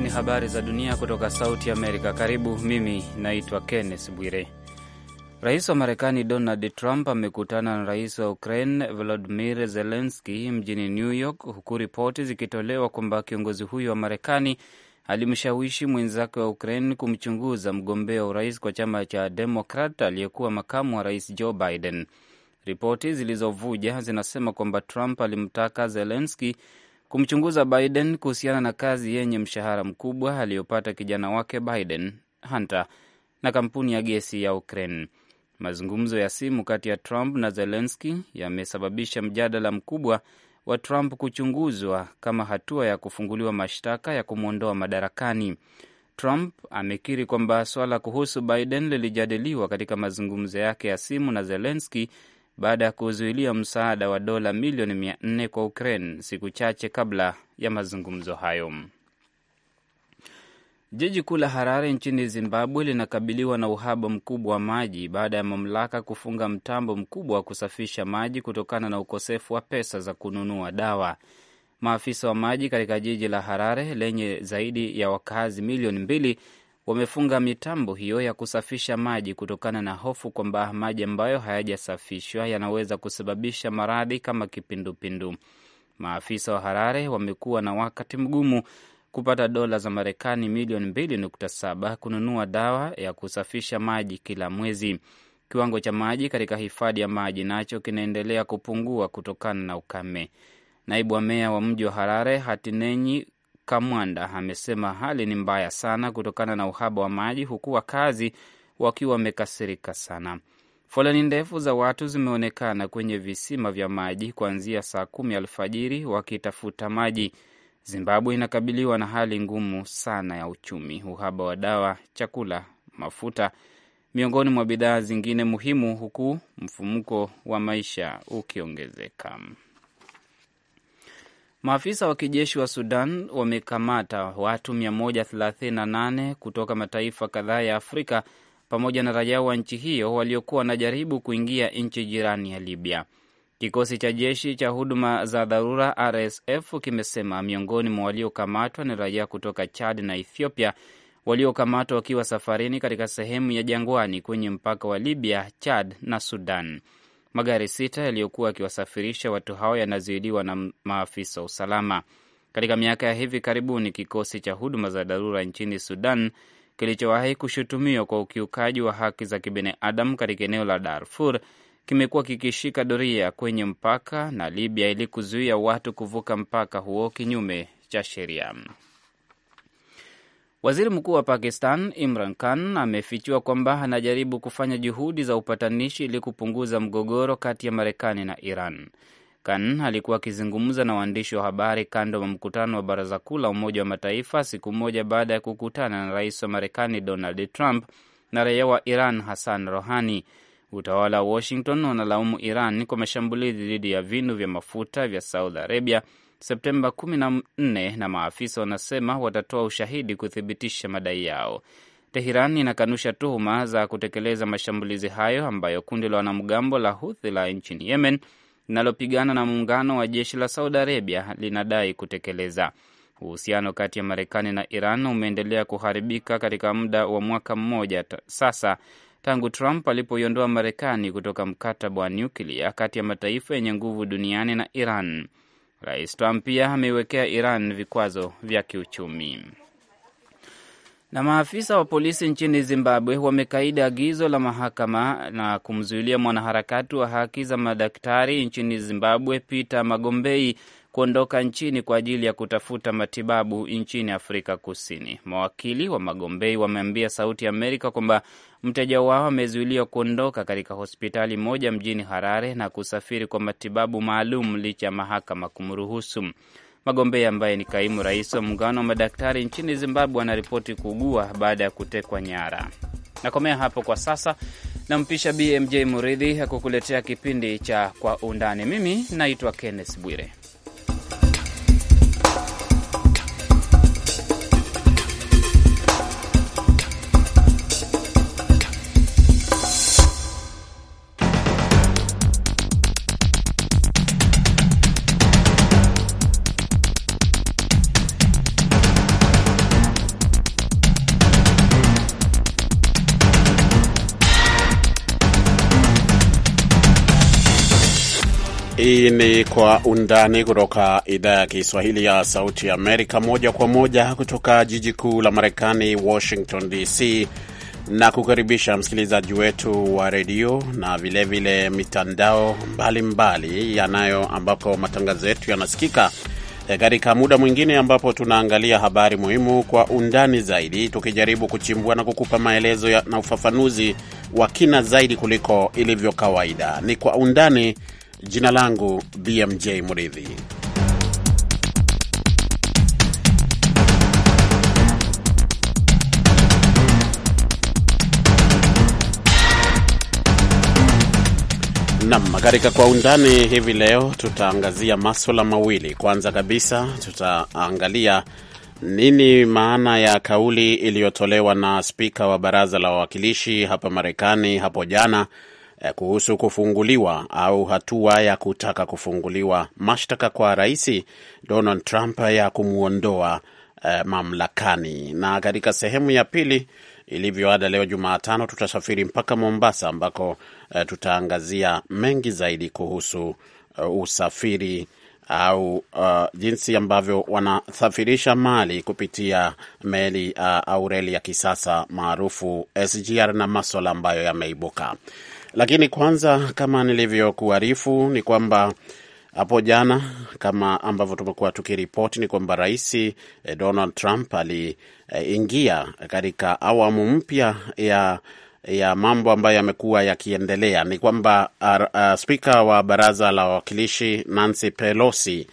hizi ni habari za dunia kutoka Sauti Amerika. Karibu, mimi naitwa Kenneth Bwire. Rais wa Marekani Donald Trump amekutana na rais wa Ukraine Volodimir Zelenski mjini New York, huku ripoti zikitolewa kwamba kiongozi huyo wa Marekani alimshawishi mwenzake wa Ukraine kumchunguza mgombea wa urais kwa chama cha Demokrat aliyekuwa makamu wa rais Joe Biden. Ripoti zilizovuja zinasema kwamba Trump alimtaka Zelenski kumchunguza Biden kuhusiana na kazi yenye mshahara mkubwa aliyopata kijana wake Biden Hunter na kampuni ya gesi ya Ukraine. Mazungumzo ya simu kati ya Trump na Zelenski yamesababisha mjadala mkubwa wa Trump kuchunguzwa kama hatua ya kufunguliwa mashtaka ya kumwondoa madarakani. Trump amekiri kwamba swala kuhusu Biden lilijadiliwa katika mazungumzo yake ya simu na Zelenski baada ya kuzuilia msaada wa dola milioni mia nne kwa Ukraine siku chache kabla ya mazungumzo hayo. Jiji kuu la Harare nchini Zimbabwe linakabiliwa na uhaba mkubwa wa maji baada ya mamlaka kufunga mtambo mkubwa wa kusafisha maji kutokana na ukosefu wa pesa za kununua dawa. Maafisa wa maji katika jiji la Harare lenye zaidi ya wakazi milioni mbili wamefunga mitambo hiyo ya kusafisha maji kutokana na hofu kwamba maji ambayo hayajasafishwa yanaweza kusababisha maradhi kama kipindupindu. Maafisa wa Harare wamekuwa na wakati mgumu kupata dola za Marekani milioni 2.7 kununua dawa ya kusafisha maji kila mwezi. Kiwango cha maji katika hifadhi ya maji nacho kinaendelea kupungua kutokana na ukame. Naibu wa meya wa mji wa Harare Hatinenyi Kamwanda amesema hali ni mbaya sana kutokana na uhaba wa maji, huku wakazi wakiwa wamekasirika sana. Foleni ndefu za watu zimeonekana kwenye visima vya maji kuanzia saa kumi alfajiri wakitafuta maji. Zimbabwe inakabiliwa na hali ngumu sana ya uchumi, uhaba wa dawa, chakula, mafuta, miongoni mwa bidhaa zingine muhimu, huku mfumuko wa maisha ukiongezeka. Maafisa wa kijeshi wa Sudan wamekamata watu 138 kutoka mataifa kadhaa ya Afrika pamoja na raia wa nchi hiyo waliokuwa wanajaribu kuingia nchi jirani ya Libya. Kikosi cha jeshi cha huduma za dharura RSF kimesema miongoni mwa waliokamatwa ni raia kutoka Chad na Ethiopia waliokamatwa wakiwa safarini katika sehemu ya jangwani kwenye mpaka wa Libya, Chad na Sudan. Magari sita yaliyokuwa yakiwasafirisha watu hao yanazuiliwa na maafisa wa usalama. Katika miaka ya hivi karibuni, kikosi cha huduma za dharura nchini Sudan kilichowahi kushutumiwa kwa ukiukaji wa haki za kibinadamu katika eneo la Darfur kimekuwa kikishika doria kwenye mpaka na Libya ili kuzuia watu kuvuka mpaka huo kinyume cha sheria. Waziri mkuu wa Pakistan Imran Khan amefichua kwamba anajaribu kufanya juhudi za upatanishi ili kupunguza mgogoro kati ya Marekani na Iran. Khan alikuwa akizungumza na waandishi wa habari kando wa mkutano wa Baraza Kuu la Umoja wa Mataifa siku moja baada ya kukutana na rais wa Marekani Donald Trump na raia wa Iran Hassan Rohani. Utawala wa Washington unalaumu Iran kwa mashambulizi dhidi ya vinu vya mafuta vya Saudi Arabia Septemba 14 na maafisa wanasema watatoa ushahidi kuthibitisha madai yao. Teheran inakanusha tuhuma za kutekeleza mashambulizi hayo ambayo kundi la wanamgambo la Huthi la nchini Yemen linalopigana na muungano wa jeshi la Saudi Arabia linadai kutekeleza. Uhusiano kati ya Marekani na Iran umeendelea kuharibika katika muda wa mwaka mmoja sasa tangu Trump alipoiondoa Marekani kutoka mkataba wa nyuklia kati ya mataifa yenye nguvu duniani na Iran. Rais Trump pia ameiwekea Iran vikwazo vya kiuchumi. Na maafisa wa polisi nchini Zimbabwe wamekaidi agizo la mahakama na kumzuilia mwanaharakati wa haki za madaktari nchini Zimbabwe Peter Magombei kuondoka nchini kwa ajili ya kutafuta matibabu nchini Afrika Kusini. Mawakili wa Magombei wameambia Sauti ya Amerika kwamba Mteja wao amezuiliwa kuondoka katika hospitali moja mjini Harare na kusafiri kwa matibabu maalum licha ya mahakama kumruhusu. Magombea ambaye ni kaimu rais wa muungano wa madaktari nchini Zimbabwe anaripoti kuugua baada ya kutekwa nyara. Nakomea hapo kwa sasa, nampisha BMJ Muridhi ya kukuletea kipindi cha Kwa Undani. Mimi naitwa Kenneth Bwire. Hii ni Kwa Undani kutoka idhaa ya Kiswahili ya Sauti ya Amerika, moja kwa moja kutoka jiji kuu la Marekani, Washington DC, na kukaribisha msikilizaji wetu wa redio na vilevile vile mitandao mbalimbali yanayo, ambapo matangazo yetu yanasikika eh, katika muda mwingine ambapo tunaangalia habari muhimu kwa undani zaidi, tukijaribu kuchimbua na kukupa maelezo ya, na ufafanuzi wa kina zaidi kuliko ilivyo kawaida. Ni Kwa Undani. Jina langu BMJ Mridhi. Nam, katika kwa undani hivi leo tutaangazia maswala mawili. Kwanza kabisa tutaangalia nini maana ya kauli iliyotolewa na spika wa baraza la wawakilishi hapa Marekani hapo jana Eh, kuhusu kufunguliwa au hatua ya kutaka kufunguliwa mashtaka kwa Rais Donald Trump ya kumwondoa eh, mamlakani. Na katika sehemu ya pili ilivyo ada, leo Jumatano tutasafiri mpaka Mombasa ambako eh, tutaangazia mengi zaidi kuhusu uh, usafiri au uh, jinsi ambavyo wanasafirisha mali kupitia meli uh, au reli ya kisasa maarufu SGR na maswala ambayo yameibuka. Lakini kwanza, kama nilivyokuarifu, ni kwamba hapo jana, kama ambavyo tumekuwa tukiripoti, ni kwamba Rais eh, Donald Trump aliingia eh, katika awamu mpya ya ya mambo ambayo yamekuwa yakiendelea. Ni kwamba ah, ah, spika wa baraza la wawakilishi Nancy Pelosi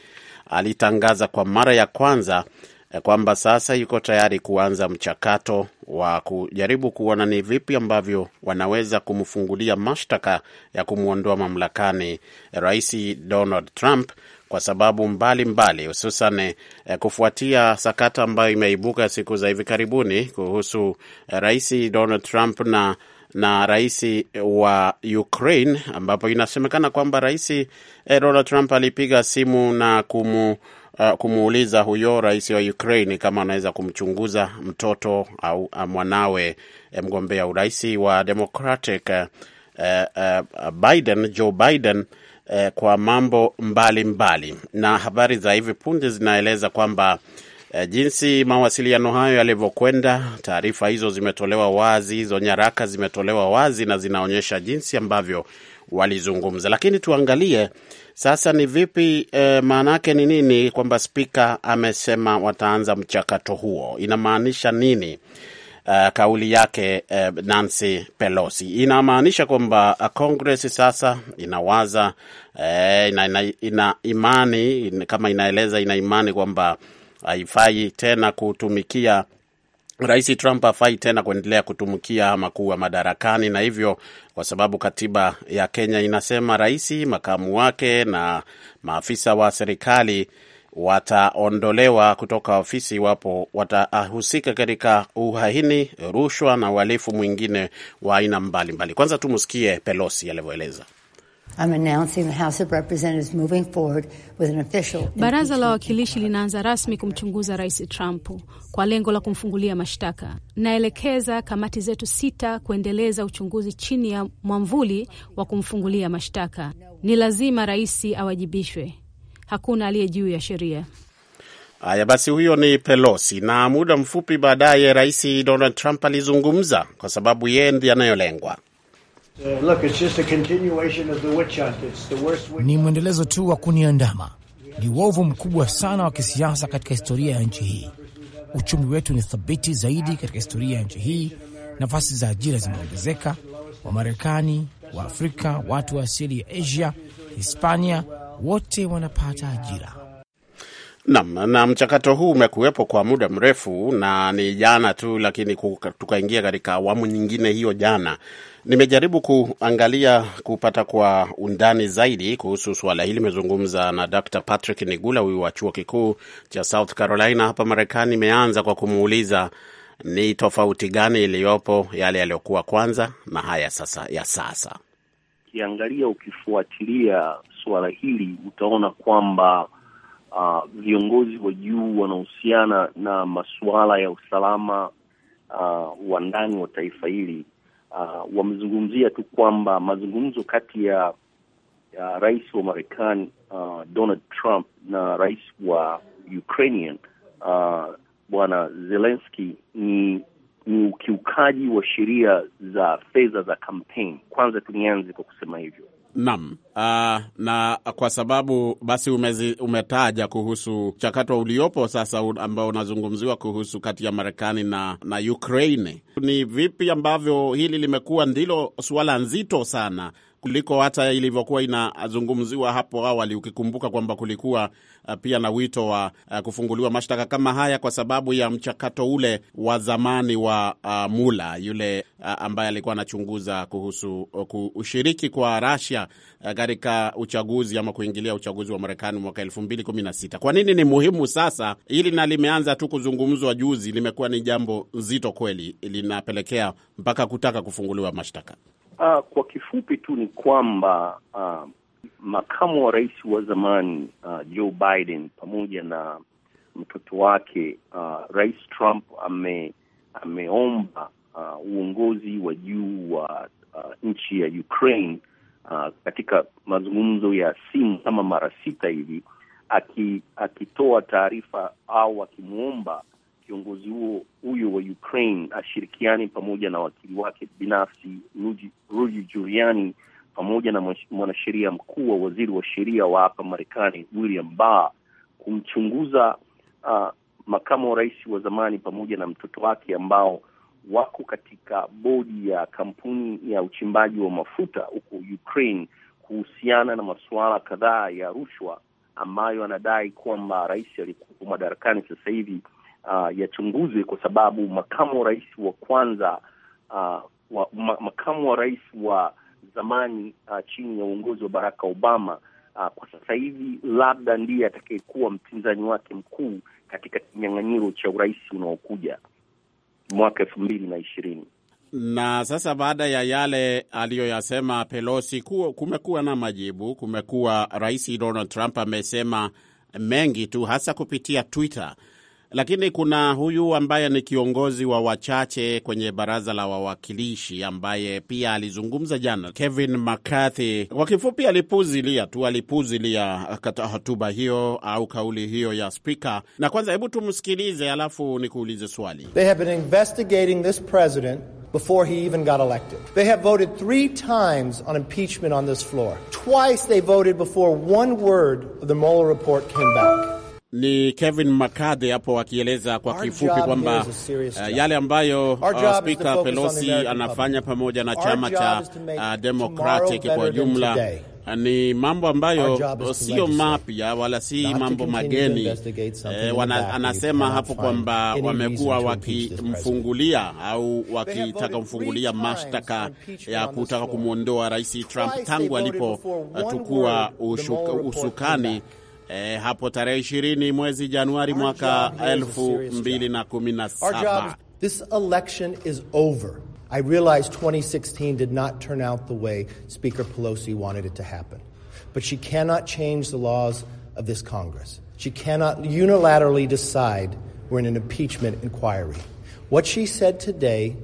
alitangaza kwa mara ya kwanza eh, kwamba sasa yuko tayari kuanza mchakato wa kujaribu kuona ni vipi ambavyo wanaweza kumfungulia mashtaka ya kumwondoa mamlakani Rais Donald Trump kwa sababu mbalimbali hususan mbali, eh, kufuatia sakata ambayo imeibuka siku za hivi karibuni kuhusu eh, Rais Donald Trump na na rais wa Ukraine ambapo inasemekana kwamba rais eh, Donald Trump alipiga simu na kumu uh, kumuuliza huyo rais wa Ukraine kama anaweza kumchunguza mtoto au uh, mwanawe eh, mgombea urais wa Democratic uh, uh, Biden, Joe Biden uh, kwa mambo mbalimbali mbali. Na habari za hivi punde zinaeleza kwamba eh, jinsi mawasiliano hayo yalivyokwenda, taarifa hizo zimetolewa wazi, hizo nyaraka zimetolewa wazi na zinaonyesha jinsi ambavyo walizungumza. Lakini tuangalie sasa ni vipi eh, maana yake ni nini kwamba spika amesema wataanza mchakato huo? Inamaanisha nini? Uh, kauli yake uh, Nancy Pelosi inamaanisha kwamba eh, Congress sasa inawaza uh, ina, ina, ina imani in, kama inaeleza ina imani kwamba haifai tena kutumikia Rais Trump hafai tena kuendelea kutumikia ama kuwa madarakani, na hivyo kwa sababu katiba ya Kenya inasema rais, makamu wake na maafisa wa serikali wataondolewa kutoka ofisi iwapo watahusika katika uhaini, rushwa na uhalifu mwingine wa aina mbalimbali. Kwanza tumsikie Pelosi alivyoeleza. Baraza la Wawakilishi linaanza rasmi kumchunguza Rais Trump kwa lengo la kumfungulia mashtaka. Naelekeza kamati zetu sita kuendeleza uchunguzi chini ya mwamvuli wa kumfungulia mashtaka. Ni lazima rais awajibishwe, hakuna aliye juu ya sheria. Haya basi, huyo ni Pelosi. Na muda mfupi baadaye, Rais Donald Trump alizungumza kwa sababu yeye ndiye anayolengwa. Uh, ni mwendelezo tu wa kuniandama. Ni uovu mkubwa sana wa kisiasa katika historia ya nchi hii. Uchumi wetu ni thabiti zaidi katika historia ya nchi hii. Nafasi za ajira zimeongezeka. Wamarekani, Waafrika, watu wa asili ya Asia, Hispania, wote wanapata ajira. Nam, na mchakato huu umekuwepo kwa muda mrefu na ni jana tu, lakini tukaingia katika awamu nyingine hiyo jana. Nimejaribu kuangalia kupata kwa undani zaidi kuhusu suala hili. Nimezungumza na Dr. Patrick Nigula, huyu wa chuo kikuu cha South Carolina hapa Marekani. Nimeanza kwa kumuuliza ni tofauti gani iliyopo yale yaliyokuwa kwanza na haya sasa ya sasa. Ukiangalia, ukifuatilia suala hili utaona kwamba uh, viongozi wa juu wanahusiana na masuala ya usalama uh, wa ndani wa taifa hili uh, wamezungumzia tu kwamba mazungumzo kati ya, ya rais wa Marekani uh, Donald Trump na rais wa Ukrainian uh, bwana Zelensky ni ni ukiukaji wa sheria za fedha za kampeni. Kwanza tunianze kwa kusema hivyo. Naam. Uh, na kwa sababu basi umezi, umetaja kuhusu mchakato uliopo sasa ambao unazungumziwa kuhusu kati ya Marekani na, na Ukraine, ni vipi ambavyo hili limekuwa ndilo suala nzito sana kuliko hata ilivyokuwa inazungumziwa hapo awali, ukikumbuka kwamba kulikuwa uh, pia na wito wa uh, kufunguliwa mashtaka kama haya kwa sababu ya mchakato ule wa zamani wa uh, Mula yule uh, ambaye alikuwa anachunguza kuhusu uh, ushiriki kwa Russia katika uh, uchaguzi ama kuingilia uchaguzi wa Marekani mwaka elfu mbili kumi na sita. Kwa nini ni muhimu sasa hili, na limeanza tu kuzungumzwa juzi, limekuwa ni jambo nzito kweli, linapelekea mpaka kutaka kufunguliwa mashtaka? Uh, kwa kifupi tu ni kwamba uh, makamu wa rais wa zamani uh, Joe Biden pamoja na mtoto wake uh, Rais Trump ame, ameomba uh, uongozi wa juu wa uh, nchi ya Ukraine uh, katika mazungumzo ya simu kama mara sita hivi akitoa aki taarifa au akimwomba kiongozi huo huyo wa Ukraine ashirikiane pamoja na wakili wake binafsi Rudy Giuliani pamoja na mwanasheria mkuu wa waziri wa sheria wa hapa Marekani William Barr kumchunguza uh, makamu wa rais wa zamani pamoja na mtoto wake ambao wako katika bodi ya kampuni ya uchimbaji wa mafuta huko Ukraine kuhusiana na masuala kadhaa ya rushwa ambayo anadai kwamba rais aliyekuwa madarakani sasa hivi uh, yachunguzwe kwa sababu makamu wa rais wa kwanza uh, wa, ma, makamu wa rais wa zamani uh, chini ya uongozi wa Barack Obama uh, kwa sasa hivi labda ndiye atakayekuwa mpinzani wake mkuu katika kinyang'anyiro cha urais unaokuja mwaka elfu mbili na ishirini na sasa baada ya yale aliyoyasema Pelosi kumekuwa na majibu. Kumekuwa rais Donald Trump amesema mengi tu, hasa kupitia Twitter lakini kuna huyu ambaye ni kiongozi wa wachache kwenye baraza la wawakilishi ambaye pia alizungumza jana, Kevin McCarthy. Kwa kifupi, alipuzilia tu, alipuzilia hotuba hiyo au kauli hiyo ya spika. Na kwanza, hebu tumsikilize, alafu nikuulize swali. They have been investigating this president before he even got elected. They have voted three times on impeachment on this floor. Twice they voted before one word of the Mueller report came back ni Kevin McCarthy hapo akieleza kwa kifupi kwamba uh, yale ambayo uh, Spika Pelosi anafanya pamoja na chama cha uh, Democratic kwa jumla uh, ni mambo ambayo sio mapya wala si mambo mageni E, wana, anasema hapo kwamba wamekuwa wakimfungulia au wakitaka kumfungulia mashtaka ya kutaka kumwondoa Rais Trump tangu alipochukua uh, usukani eh, hapo tarehe mwezi Januari mwaka This election is over. I realize 2016 did not turn out the way Speaker Pelosi wanted it to happen. But she cannot change the laws of this Congress. She cannot unilaterally decide we're in an impeachment inquiry. What she said today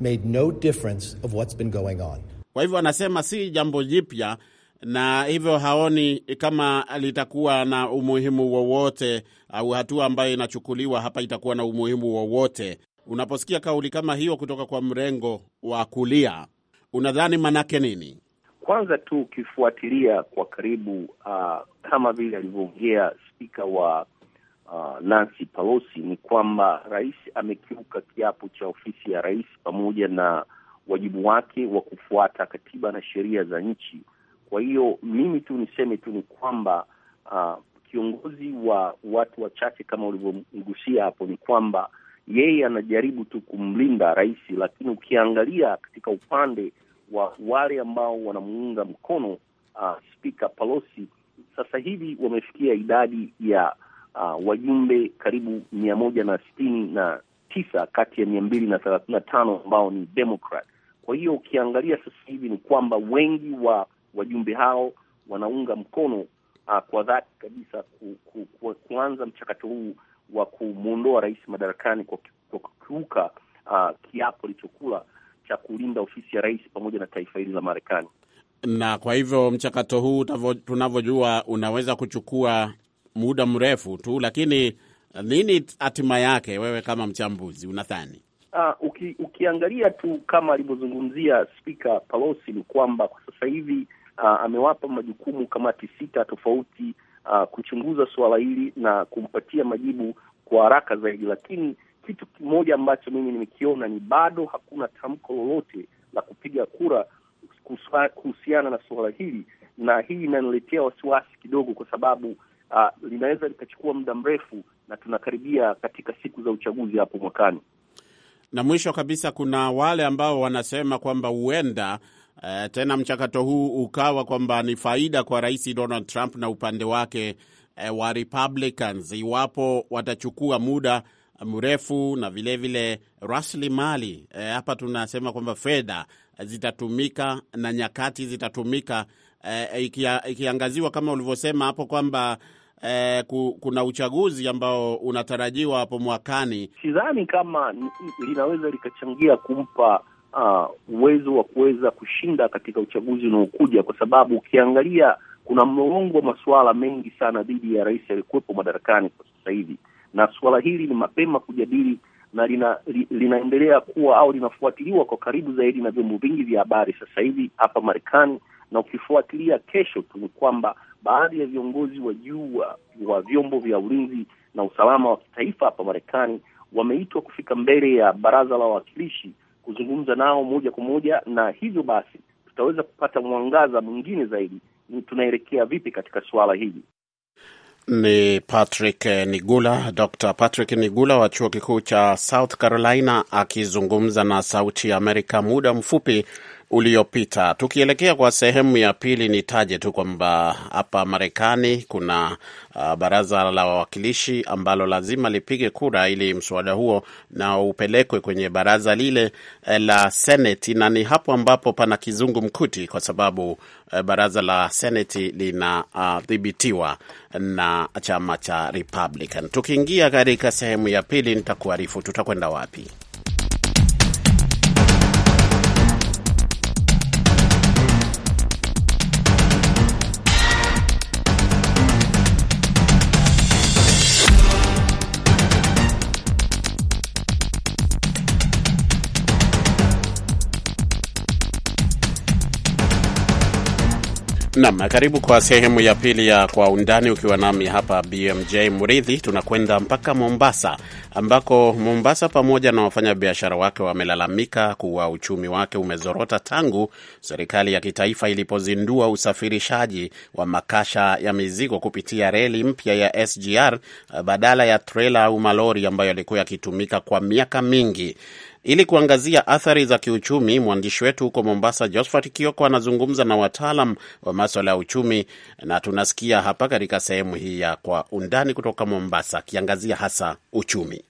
made no difference of what's been going on. Kwa hivyo anasema si jambo jipya na hivyo haoni kama litakuwa na umuhimu wowote au hatua ambayo inachukuliwa hapa itakuwa na umuhimu wowote. Unaposikia kauli kama hiyo kutoka kwa mrengo wa kulia, unadhani manake nini? Kwanza tu ukifuatilia kwa karibu, uh, kama vile alivyoongea spika wa uh, Nancy Pelosi, ni kwamba rais amekiuka kiapo cha ofisi ya rais pamoja na wajibu wake wa kufuata katiba na sheria za nchi kwa hiyo mimi tu niseme tu ni kwamba uh, kiongozi wa watu wachache kama ulivyomgusia hapo, ni kwamba yeye anajaribu tu kumlinda rais, lakini ukiangalia katika upande wa wale ambao wanamuunga mkono uh, ah, spika Pelosi, sasa hivi wamefikia idadi ya uh, wajumbe karibu mia moja na sitini na tisa kati ya mia mbili na thelathini na tano ambao ni Democrat. Kwa hiyo ukiangalia sasa hivi ni kwamba wengi wa wajumbe hao wanaunga mkono uh, kwa dhati kabisa ku, ku, ku, kuanza mchakato huu wa kumwondoa rais madarakani kwa, kwa kukiuka uh, kiapo alichokula cha kulinda ofisi ya rais pamoja na taifa hili la Marekani. Na kwa hivyo mchakato huu tunavyojua, unaweza kuchukua muda mrefu tu, lakini nini hatima yake, wewe kama mchambuzi unadhani? Uh, uki, ukiangalia tu kama alivyozungumzia Spika Pelosi ni kwamba kwa sasa hivi uh, amewapa majukumu kamati sita tofauti uh, kuchunguza suala hili na kumpatia majibu kwa haraka zaidi, lakini kitu kimoja ambacho mimi nimekiona ni bado hakuna tamko lolote la kupiga kura kuhusiana na suala hili, na hii inaniletea wasiwasi kidogo, kwa sababu uh, linaweza likachukua muda mrefu na tunakaribia katika siku za uchaguzi hapo mwakani. Na mwisho kabisa, kuna wale ambao wanasema kwamba huenda uh, tena mchakato huu ukawa kwamba ni faida kwa Rais Donald Trump na upande wake uh, wa Republicans iwapo watachukua muda mrefu na vilevile rasilimali eh, hapa, e, tunasema kwamba fedha zitatumika na nyakati zitatumika, e, ikia, ikiangaziwa kama ulivyosema hapo kwamba e, kuna uchaguzi ambao unatarajiwa hapo mwakani. Sidhani kama linaweza likachangia kumpa Uh, uwezo wa kuweza kushinda katika uchaguzi unaokuja, kwa sababu ukiangalia kuna mlongo wa masuala mengi sana dhidi ya rais aliyekuwepo madarakani kwa sasa hivi, na suala hili ni mapema kujadili na lina, li, linaendelea kuwa au linafuatiliwa kwa karibu zaidi na vyombo vingi vya habari sasa hivi hapa Marekani, na ukifuatilia kesho tu ni kwamba baadhi ya viongozi wa juu wa, wa vyombo vya ulinzi na usalama wa kitaifa hapa Marekani wameitwa kufika mbele ya baraza la wawakilishi kuzungumza nao moja kwa moja, na hivyo basi tutaweza kupata mwangaza mwingine zaidi, tunaelekea vipi katika suala hili. Ni Patrick Nigula, Dr. Patrick Nigula wa chuo kikuu cha South Carolina akizungumza na Sauti ya Amerika muda mfupi uliopita. Tukielekea kwa sehemu ya pili, nitaje tu kwamba hapa Marekani kuna uh, baraza la wawakilishi ambalo lazima lipige kura ili mswada huo na upelekwe kwenye baraza lile eh, la Seneti, na ni hapo ambapo pana kizungu mkuti kwa sababu uh, baraza la Seneti linadhibitiwa uh, na chama cha Republican. Tukiingia katika sehemu ya pili, nitakuarifu tutakwenda wapi. Nam, karibu kwa sehemu ya pili ya Kwa Undani ukiwa nami hapa BMJ mridhi Tunakwenda mpaka Mombasa, ambako Mombasa pamoja na wafanyabiashara wake wamelalamika kuwa uchumi wake umezorota tangu serikali ya kitaifa ilipozindua usafirishaji wa makasha ya mizigo kupitia reli mpya ya SGR eh, badala ya trela au malori ambayo yalikuwa yakitumika kwa miaka mingi. Ili kuangazia athari za kiuchumi, mwandishi wetu huko Mombasa, Josphat Kioko, anazungumza na wataalam wa maswala ya uchumi, na tunasikia hapa katika sehemu hii ya Kwa Undani kutoka Mombasa, akiangazia hasa uchumi.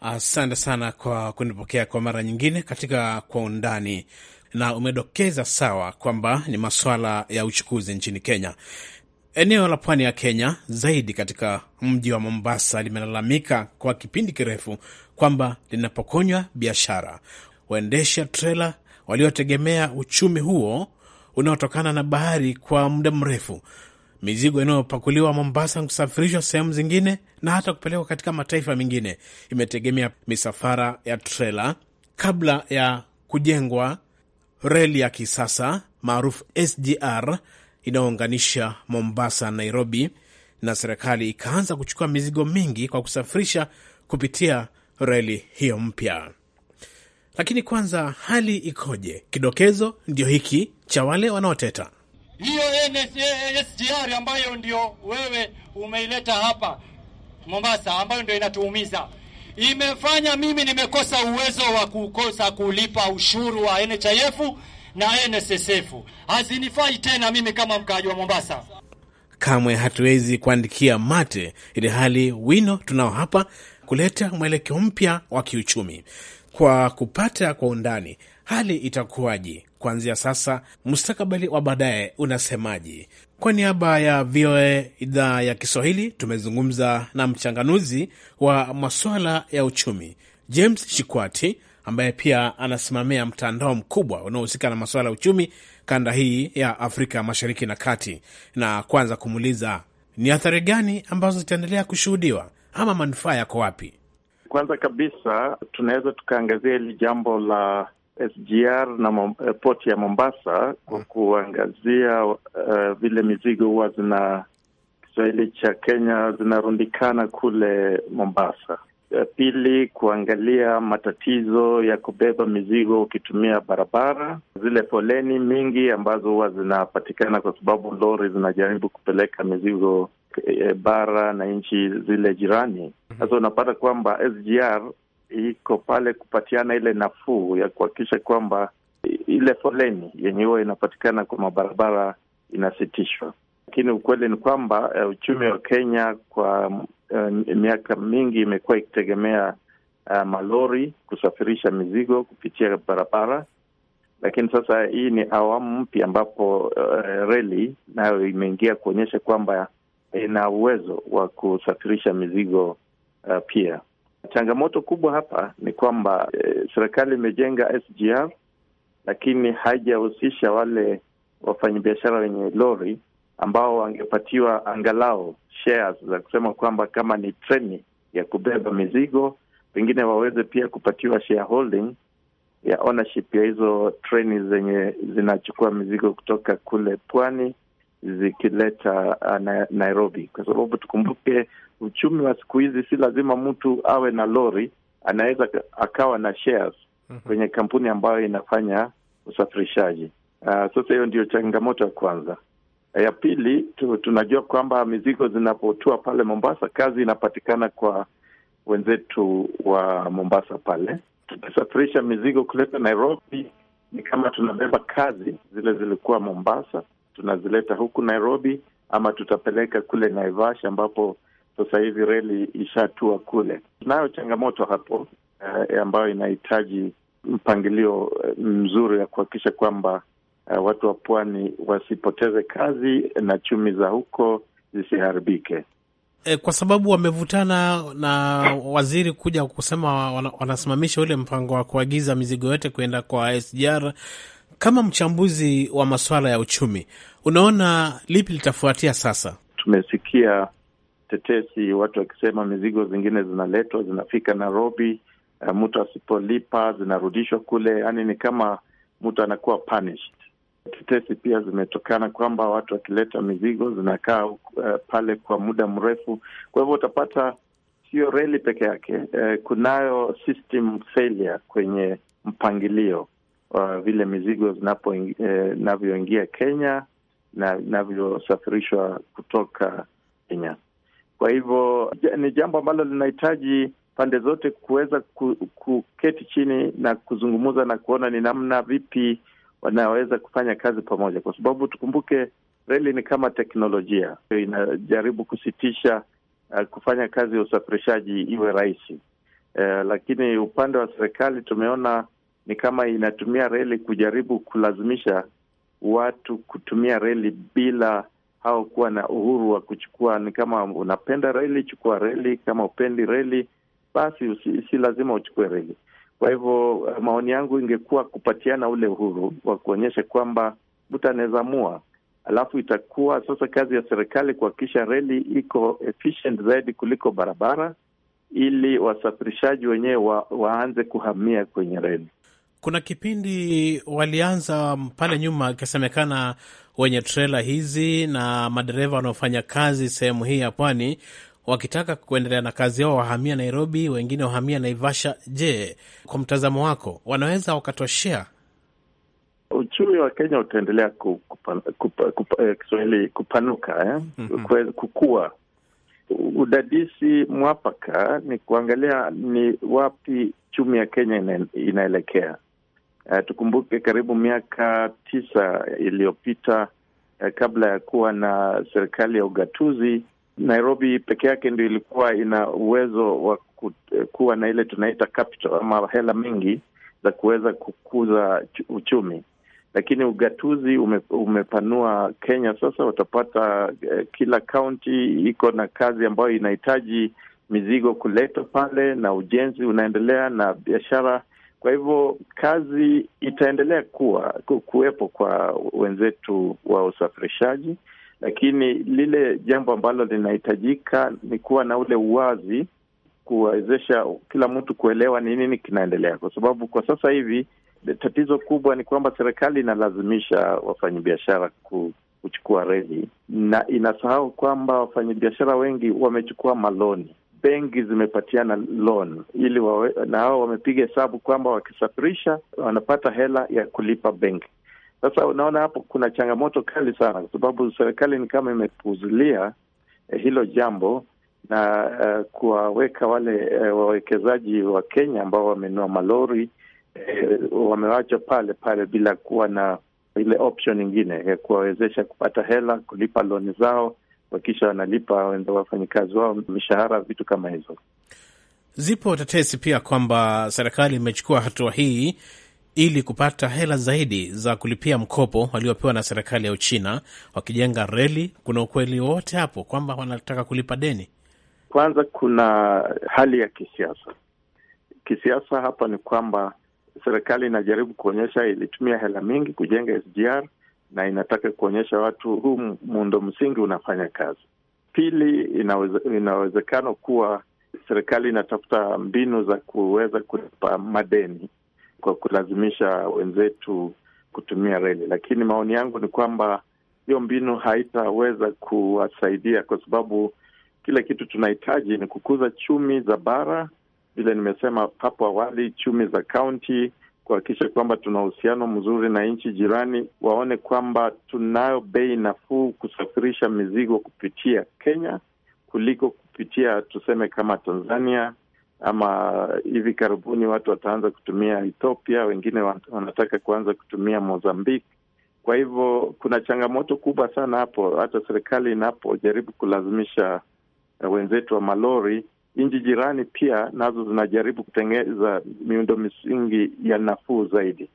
Asante sana kwa kunipokea kwa mara nyingine katika Kwa Undani, na umedokeza sawa kwamba ni maswala ya uchukuzi nchini Kenya. Eneo la pwani ya Kenya, zaidi katika mji wa Mombasa, limelalamika kwa kipindi kirefu kwamba linapokonywa biashara. Waendesha trela waliotegemea uchumi huo unaotokana na bahari kwa muda mrefu, mizigo inayopakuliwa Mombasa kusafirishwa sehemu zingine na hata kupelekwa katika mataifa mengine imetegemea misafara ya trela kabla ya kujengwa reli ya kisasa maarufu SGR inayounganisha Mombasa Nairobi, na serikali ikaanza kuchukua mizigo mingi kwa kusafirisha kupitia reli hiyo mpya. Lakini kwanza hali ikoje? Kidokezo ndio hiki cha wale wanaoteta hiyo NSGR ambayo ndio wewe umeileta hapa Mombasa, ambayo ndio inatuumiza imefanya mimi nimekosa uwezo wa kukosa kulipa ushuru wa NHIF na NSSF hazinifai tena mimi kama mkaaji wa Mombasa. Kamwe hatuwezi kuandikia mate ili hali wino tunao hapa kuleta mwelekeo mpya wa kiuchumi kwa kupata kwa undani hali itakuwaje kuanzia sasa, mustakabali wa baadaye unasemaje? Kwa niaba ya VOA idhaa ya Kiswahili tumezungumza na mchanganuzi wa masuala ya uchumi James Shikwati ambaye pia anasimamia mtandao mkubwa unaohusika na masuala ya uchumi kanda hii ya Afrika Mashariki na Kati, na kwanza kumuuliza ni athari gani ambazo zitaendelea kushuhudiwa ama manufaa yako wapi? Kwanza kabisa tunaweza tukaangazia hili jambo la SGR na eh, poti ya Mombasa kwa kuangazia uh, vile mizigo huwa zina Kiswahili cha Kenya zinarundikana kule Mombasa. Eh, pili, kuangalia matatizo ya kubeba mizigo ukitumia barabara, zile foleni mingi ambazo huwa zinapatikana kwa sababu lori zinajaribu kupeleka mizigo e, bara na nchi zile jirani. Mhm. Sasa unapata kwamba SGR iko pale kupatiana ile nafuu ya kuhakikisha kwamba ile foleni yenye huwa inapatikana kwa mabarabara inasitishwa. Lakini ukweli ni kwamba eh, uchumi wa Kenya kwa uh, miaka mingi imekuwa ikitegemea uh, malori kusafirisha mizigo kupitia barabara, lakini sasa hii ni awamu mpya ambapo uh, reli nayo imeingia kuonyesha kwamba ina uwezo wa kusafirisha mizigo uh, pia. Changamoto kubwa hapa ni kwamba uh, serikali imejenga SGR lakini haijahusisha wale wafanyabiashara wenye lori ambao wangepatiwa angalau shares za kusema kwamba kama ni treni ya kubeba mizigo, pengine waweze pia kupatiwa shareholding ya ownership ya hizo treni zenye zinachukua mizigo kutoka kule pwani zikileta uh, na Nairobi, kwa sababu tukumbuke uchumi wa siku hizi, si lazima mtu awe na lori, anaweza akawa na shares mhm. kwenye kampuni ambayo inafanya usafirishaji. Uh, sasa hiyo ndio changamoto ya kwanza. Eh, ya pili tu, tunajua kwamba mizigo zinapotua pale Mombasa, kazi inapatikana kwa wenzetu wa Mombasa pale. Tukisafirisha mizigo kuleta Nairobi, ni kama tunabeba kazi zile zilikuwa Mombasa, tunazileta huku Nairobi, ama tutapeleka kule naivash ambapo sasa hivi reli ishatua kule. Tunayo changamoto hapo eh, ambayo inahitaji mpangilio eh, mzuri ya kuhakikisha kwamba uh, watu wa pwani wasipoteze kazi na chumi za huko zisiharibike. E, kwa sababu wamevutana na waziri kuja kusema wana, wanasimamisha ule mpango wa kuagiza mizigo yote kuenda kwa SGR. Kama mchambuzi wa masuala ya uchumi, unaona lipi litafuatia sasa? Tumesikia tetesi watu wakisema mizigo zingine zinaletwa zinafika Nairobi, eh, mtu asipolipa zinarudishwa kule, yaani ni kama mtu anakuwa punish. Tetesi pia zimetokana kwamba watu wakileta mizigo zinakaa uh, pale kwa muda mrefu. Kwa hivyo utapata sio reli peke yake, uh, kunayo system failure kwenye mpangilio wa vile mizigo zinavyoingia uh, Kenya na inavyosafirishwa kutoka Kenya. Kwa hivyo ni jambo ambalo linahitaji pande zote kuweza kuketi chini na kuzungumza na kuona ni namna vipi wanaweza kufanya kazi pamoja, kwa sababu tukumbuke reli ni kama teknolojia, inajaribu kusitisha uh, kufanya kazi ya usafirishaji iwe rahisi. Uh, lakini upande wa serikali tumeona ni kama inatumia reli kujaribu kulazimisha watu kutumia reli bila hao kuwa na uhuru wa kuchukua. Ni kama unapenda reli, chukua reli, kama upendi reli, basi si lazima uchukue reli. Kwa hivyo eh, maoni yangu ingekuwa kupatiana ule uhuru wa kuonyesha kwamba mtu anaweza amua, alafu itakuwa sasa kazi ya serikali kuhakikisha reli iko efficient zaidi kuliko barabara, ili wasafirishaji wenyewe wa, waanze kuhamia kwenye reli. Kuna kipindi walianza pale nyuma, ikisemekana wenye trela hizi na madereva wanaofanya kazi sehemu hii ya pwani wakitaka kuendelea na kazi yao wahamia Nairobi, wengine wahamia Naivasha. Je, kwa mtazamo wako wanaweza wakatoshea? Uchumi wa Kenya utaendelea kupan, kupa, kupa, eh, Kiswahili kupanuka eh? mm -hmm. Kukua. Udadisi mwafaka ni kuangalia ni wapi chumi ya Kenya ina, inaelekea. Uh, tukumbuke karibu miaka tisa iliyopita, uh, kabla ya kuwa na serikali ya ugatuzi Nairobi peke yake ndio ilikuwa ina uwezo wa eh, kuwa na ile tunaita capital ama hela mingi za kuweza kukuza uchumi, lakini ugatuzi ume, umepanua Kenya. Sasa utapata eh, kila kaunti iko na kazi ambayo inahitaji mizigo kuletwa pale, na ujenzi unaendelea na biashara. Kwa hivyo kazi itaendelea kuwa kuwepo kwa wenzetu wa usafirishaji lakini lile jambo ambalo linahitajika ni kuwa na ule uwazi kuwawezesha kila mtu kuelewa ni nini kinaendelea, kwa sababu kwa sasa hivi tatizo kubwa ni kwamba serikali inalazimisha wafanyabiashara kuchukua reli na inasahau kwamba wafanyabiashara wengi wamechukua maloni, benki zimepatiana loan ili wawe, na hao wamepiga hesabu kwamba wakisafirisha wanapata hela ya kulipa benki. Sasa unaona hapo kuna changamoto kali sana, kwa sababu serikali ni kama imepuzulia eh, hilo jambo na eh, kuwaweka wale eh, wawekezaji wa Kenya ambao wamenua malori eh, wamewachwa pale pale bila kuwa na ile option ingine ya eh, kuwawezesha kupata hela, kulipa loni zao, wakisha wanalipa wafanyikazi wao mishahara, vitu kama hizo. Zipo tetesi pia kwamba serikali imechukua hatua hii ili kupata hela zaidi za kulipia mkopo waliopewa na serikali ya Uchina wakijenga reli. Kuna ukweli wowote hapo kwamba wanataka kulipa deni? Kwanza kuna hali ya kisiasa. Kisiasa hapa ni kwamba serikali inajaribu kuonyesha ilitumia hela mingi kujenga SGR na inataka kuonyesha watu huu muundo msingi unafanya kazi. Pili, inaweze, inawezekano kuwa serikali inatafuta mbinu za kuweza kulipa madeni kwa kulazimisha wenzetu kutumia reli, lakini maoni yangu ni kwamba hiyo mbinu haitaweza kuwasaidia kwa sababu kile kitu tunahitaji ni kukuza chumi za bara, vile nimesema hapo awali, chumi za kaunti, kuhakikisha kwamba tuna uhusiano mzuri na nchi jirani, waone kwamba tunayo bei nafuu kusafirisha mizigo kupitia Kenya kuliko kupitia tuseme kama Tanzania ama hivi karibuni watu wataanza kutumia Ethiopia, wengine wanataka kuanza kutumia Mozambique. Kwa hivyo kuna changamoto kubwa sana hapo, hata serikali inapojaribu kulazimisha eh, wenzetu wa malori. Nchi jirani pia nazo zinajaribu kutengeza miundo misingi ya nafuu zaidi.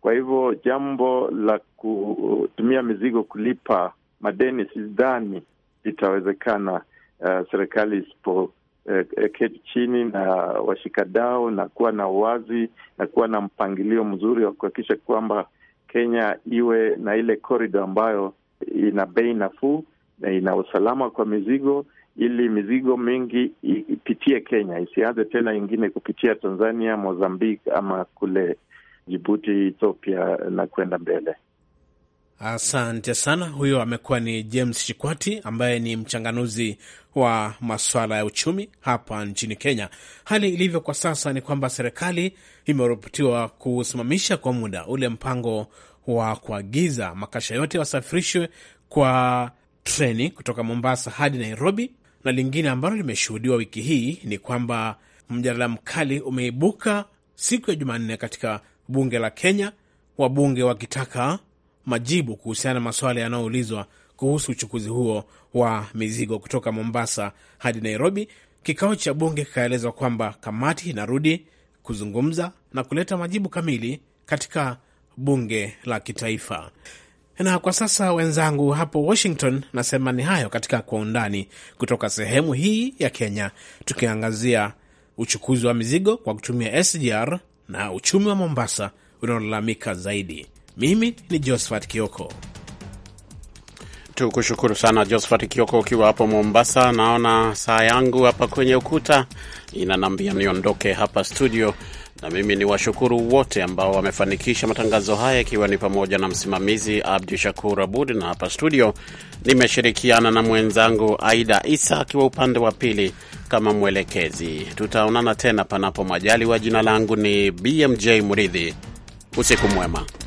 Kwa hivyo jambo la kutumia mizigo kulipa madeni sidhani litawezekana, uh, serikali isipo eh, keti chini na washikadau na kuwa na uwazi na kuwa na mpangilio mzuri wa kuhakikisha kwamba Kenya iwe na ile korido ambayo ina bei nafuu na ina usalama kwa mizigo ili mizigo mingi ipitie Kenya, isianze tena ingine kupitia Tanzania, Mozambique ama kule Jibuti, Ethiopia na kwenda mbele. Asante sana. Huyo amekuwa ni James Shikwati ambaye ni mchanganuzi wa masuala ya uchumi hapa nchini Kenya. Hali ilivyo kwa sasa ni kwamba serikali imeripotiwa kusimamisha kwa muda ule mpango wa kuagiza makasha yote wasafirishwe kwa treni kutoka Mombasa hadi Nairobi. Na lingine ambalo limeshuhudiwa wiki hii ni kwamba mjadala mkali umeibuka siku ya Jumanne katika bunge la Kenya, wabunge wakitaka majibu kuhusiana na masuala yanayoulizwa kuhusu uchukuzi huo wa mizigo kutoka Mombasa hadi Nairobi. Kikao cha bunge kikaelezwa kwamba kamati inarudi kuzungumza na kuleta majibu kamili katika bunge la kitaifa. Na kwa sasa, wenzangu hapo Washington, nasema ni hayo katika kwa undani kutoka sehemu hii ya Kenya, tukiangazia uchukuzi wa mizigo kwa kutumia SGR na uchumi wa Mombasa unaolalamika zaidi. Mimi ni Josephat Kioko. Tukushukuru sana Josephat Kioko ukiwa hapo Mombasa. Naona saa yangu hapa kwenye ukuta inanambia niondoke hapa studio, na mimi ni washukuru wote ambao wamefanikisha matangazo haya, ikiwa ni pamoja na msimamizi Abdu Shakur Abud, na hapa studio nimeshirikiana na mwenzangu Aida Isa akiwa upande wa pili kama mwelekezi. Tutaonana tena panapo wa Jina langu ni BMJ Muridhi. Usiku mwema.